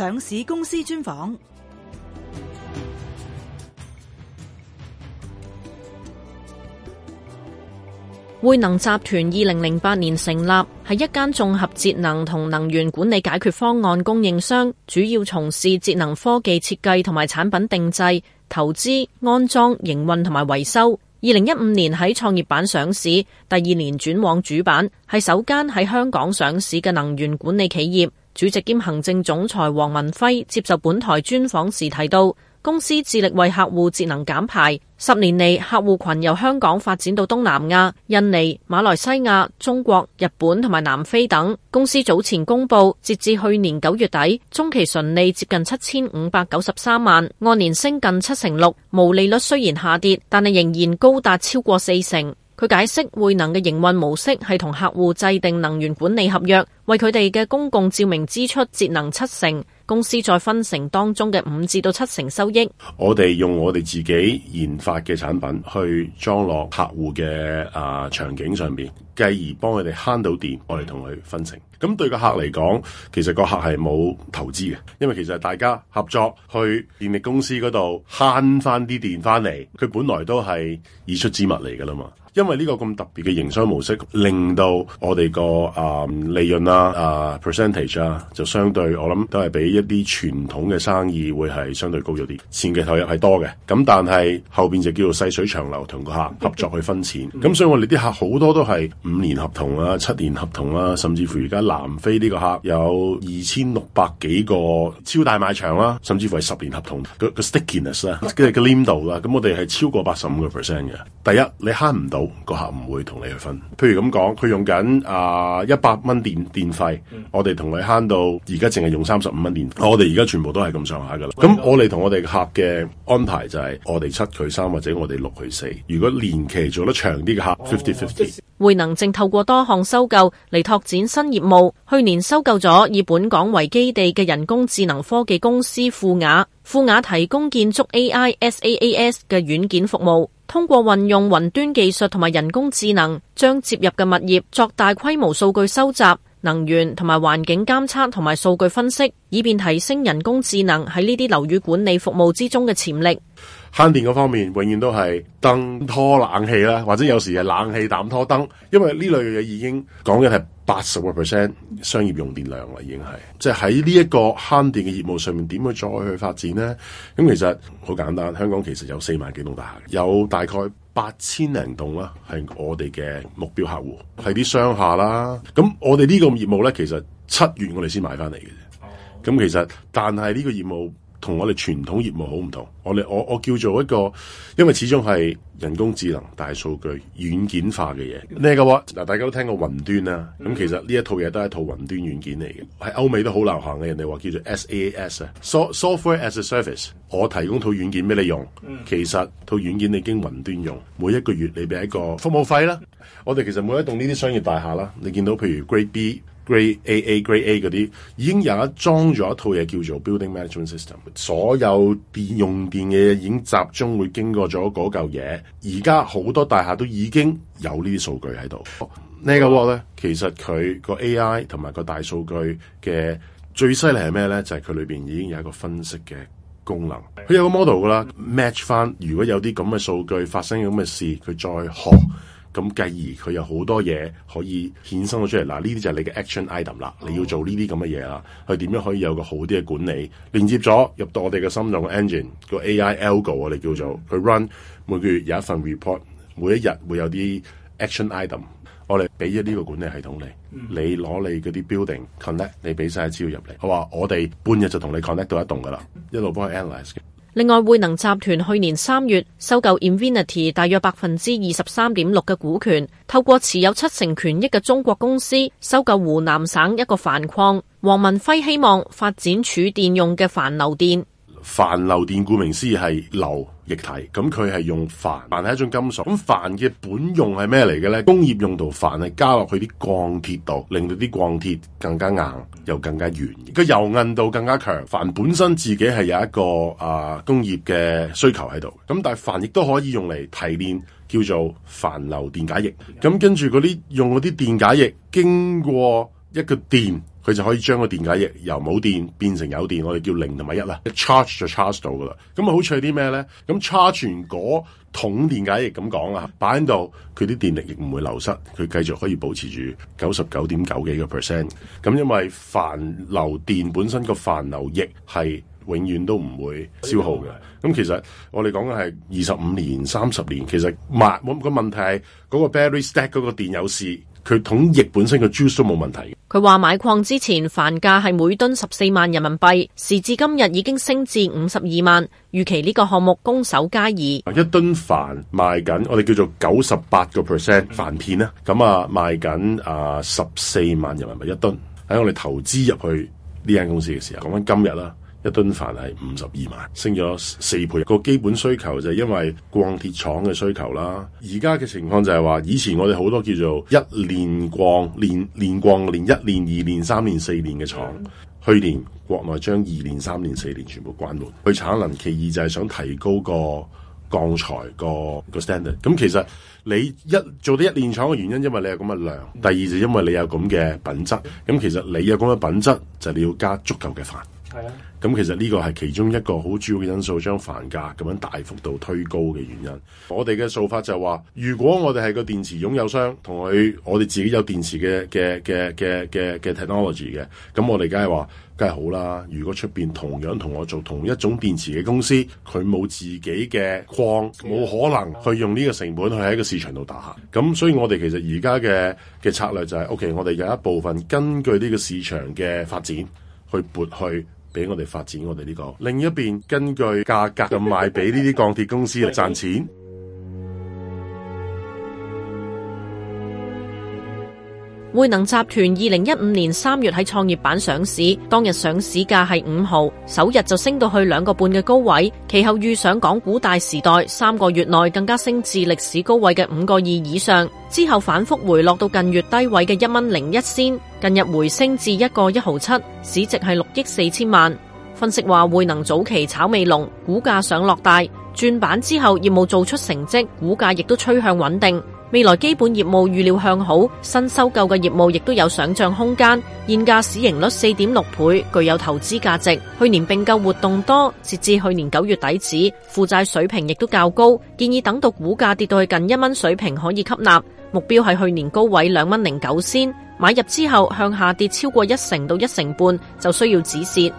上市公司專訪。滙能集團二零零八年成立，係一間綜合節能同能源管理解決方案供應商，主要從事節能科技設計同埋產品定製、投資、安裝、營運同埋維修。二零一五年喺創業板上市，第二年轉往主板，係首間喺香港上市嘅能源管理企業。主席兼行政總裁黃文輝接受本台專訪時提到，公司致力為客戶節能減排，十年嚟客戶群由香港發展到東南亞、印尼、馬來西亞、中國、日本同埋南非等。公司早前公佈，截至去年九月底，中期純利接近七千五百九十三萬，按年升近七成六，毛利率雖然下跌，但係仍然高達超過四成。佢解釋，匯能嘅營運模式係同客戶制定能源管理合約，為佢哋嘅公共照明支出節能七成，公司再分成當中嘅五至到七成收益。我哋用我哋自己研發嘅產品去裝落客戶嘅啊、呃、場景上面。繼而幫佢哋慳到電，我哋同佢分成。咁對個客嚟講，其實個客係冇投資嘅，因為其實大家合作去電力公司嗰度慳翻啲電翻嚟。佢本來都係已出之物嚟㗎啦嘛。因為呢個咁特別嘅營商模式，令到我哋個啊利潤啦啊，啊 percentage 啦、啊，就相對我諗都係比一啲傳統嘅生意會係相對高咗啲。前期投入係多嘅，咁但係後邊就叫做細水長流，同個客合作去分錢。咁所以我哋啲客好多都係。五年合同啊，七年合同啊，甚至乎而家南非呢個客有二千六百幾個超大賣場啦，啊，甚至乎係十年合同，啊那個個 stickiness 啦，跟住個黏度啦，咁我哋係超過八十五個 percent 嘅。第一，你慳唔到個客唔會同你去分。譬如咁講，佢用緊啊一百蚊電電費，嗯、我哋同佢慳到而家淨係用三十五蚊電費。嗯、我哋而家全部都係咁上下噶啦。咁、嗯、我哋同我哋客嘅安排就係、是、我哋七佢三或者我哋六佢四。如果年期做得長啲嘅客，fifty fifty。哦滙能正透過多項收購嚟拓展新業務。去年收購咗以本港為基地嘅人工智能科技公司富雅，富雅提供建築 AI SaaS 嘅軟件服務，通過運用雲端技術同埋人工智能，將接入嘅物業作大規模數據收集、能源同埋環境監測同埋數據分析。以便提升人工智能喺呢啲樓宇管理服務之中嘅潛力。慳電嗰方面，永遠都係燈拖冷氣啦，或者有時係冷氣膽拖燈，因為呢類嘅嘢已經講緊係八十個 percent 商業用電量啦，已經係即係喺呢一個慳電嘅業務上面，點去再去發展呢？咁其實好簡單，香港其實有四萬幾棟大廈，有大概八千零棟啦，係我哋嘅目標客戶，係啲商廈啦。咁我哋呢個業務咧，其實七月我哋先買翻嚟嘅。咁其實，但係呢個業務同我哋傳統業務好唔同。我哋我我叫做一個，因為始終係人工智能、大數據、軟件化嘅嘢。咩嘅？嗱，大家都聽過雲端啦、啊。咁、那個、其實呢一套嘢都係一套雲端軟件嚟嘅，喺歐美都好流行嘅。人哋話叫做 SaaS 啊 so，Software as a Service。我提供套軟件俾你用，其實套軟件你已經雲端用。每一個月你俾一個服務費啦。我哋其實每一棟呢啲商業大廈啦，你見到譬如 Grade B。Grade AA, Grade A A Grade A 嗰啲已經有一裝咗一套嘢叫做 Building Management System，所有電用電嘅嘢已經集中會經過咗嗰嚿嘢。而家好多大廈都已經有呢啲數據喺度。呢、嗯、個 wall 咧，其實佢個 AI 同埋個大數據嘅最犀利係咩咧？就係佢裏邊已經有一個分析嘅功能，佢有個 model 噶啦，match 翻如果有啲咁嘅數據發生咁嘅事，佢再學。嗯咁繼而佢有好多嘢可以衍生咗出嚟，嗱呢啲就係你嘅 action item 啦，你要做呢啲咁嘅嘢啦，佢點樣可以有個好啲嘅管理，連接咗入到我哋嘅心臟嘅 engine 叫 AI algo，我哋叫做佢 run，每個月有一份 report，每一日會有啲 action item，我哋俾咗呢個管理系統你，你攞你嗰啲 building connect，你俾晒資料入嚟，好話我哋半日就同你 connect 到一棟噶啦，一路幫佢 analyse。嘅。另外，滙能集團去年三月收購 Invinity 大約百分之二十三點六嘅股權，透過持有七成權益嘅中國公司收購湖南省一個釩礦。黃文輝希望發展儲電用嘅釩流電。釩流電顧名思義係流液體，咁佢係用釩，釩係一種金屬。咁釩嘅本用係咩嚟嘅咧？工業用途釩係加落去啲鋼鐵度，令到啲鋼鐵更加硬又更加圓，個韌度更加強。釩本身自己係有一個啊工業嘅需求喺度。咁但係釩亦都可以用嚟提煉叫做釩流電解液。咁跟住嗰啲用嗰啲電解液經過一個電。佢就可以將個電解液由冇電變成有電，我哋叫零同埋一啦 Char Char。charge 就 charge 到噶啦，咁啊，好處係啲咩咧？咁 charge 完嗰桶電解液咁講啊，擺喺度，佢啲電力亦唔會流失，佢繼續可以保持住九十九點九幾個 percent。咁因為釩流電本身個釩流液係永遠都唔會消耗嘅。咁其實我哋講嘅係二十五年、三十年，其實冇咁個問題。嗰個 battery stack 嗰個電有事。佢統譯本身嘅 juice 都冇問題。佢話買礦之前，飯價係每噸十四萬人民幣，時至今日已經升至五十二萬。預期呢個項目攻守皆宜。一噸飯賣緊，我哋叫做九十八個 percent 飯片啦。咁啊，賣緊啊十四萬人民幣一噸。喺我哋投資入去呢間公司嘅時候，講返今日啦。一噸釩係五十二萬，升咗四倍。個基本需求就係因為鋼鐵廠嘅需求啦。而家嘅情況就係話，以前我哋好多叫做一連鋼、連連鋼、連一連二連三連四連嘅廠，去年國內將二連三連四連全部關門去產能。其二就係想提高個鋼材個個 standard。咁其實你一做到一連廠嘅原因，因為你有咁嘅量；第二就因為你有咁嘅品質。咁其實你有咁嘅品質，就你要加足夠嘅釩。係啦，咁、嗯、其實呢個係其中一個好主要嘅因素，將釩價咁樣大幅度推高嘅原因。我哋嘅做法就話，如果我哋係個電池擁有商，同佢我哋自己有電池嘅嘅嘅嘅嘅嘅 technology 嘅，咁、嗯、我哋梗係話梗係好啦。如果出邊同樣同我做同一種電池嘅公司，佢冇自己嘅礦，冇可能去用呢個成本去喺個市場度打下。咁、嗯嗯嗯、所以我哋其實而家嘅嘅策略就係、是，OK，我哋有一部分根據呢個市場嘅發展去撥去。俾我哋發展我哋呢、這個，另一邊根據價格咁賣，俾呢啲鋼鐵公司嚟賺錢。匯能集團二零一五年三月喺創業板上市，當日上市價係五毫，首日就升到去兩個半嘅高位，其後遇上港股大時代三個月內更加升至歷史高位嘅五個二以上，之後反覆回落到近月低位嘅一蚊零一仙，近日回升至一個一毫七，市值係六億四千萬。分析話匯能早期炒味龍，股價上落大，轉板之後業務做出成績，股價亦都趨向穩定。未來基本業務預料向好，新收購嘅業務亦都有想象空間。現價市盈率四點六倍，具有投資價值。去年併購活動多，截至去年九月底止，負債水平亦都較高。建議等到股價跌到去近一蚊水平可以吸納。目標係去年高位兩蚊零九先，買入之後向下跌超過一成到一成半，就需要止蝕。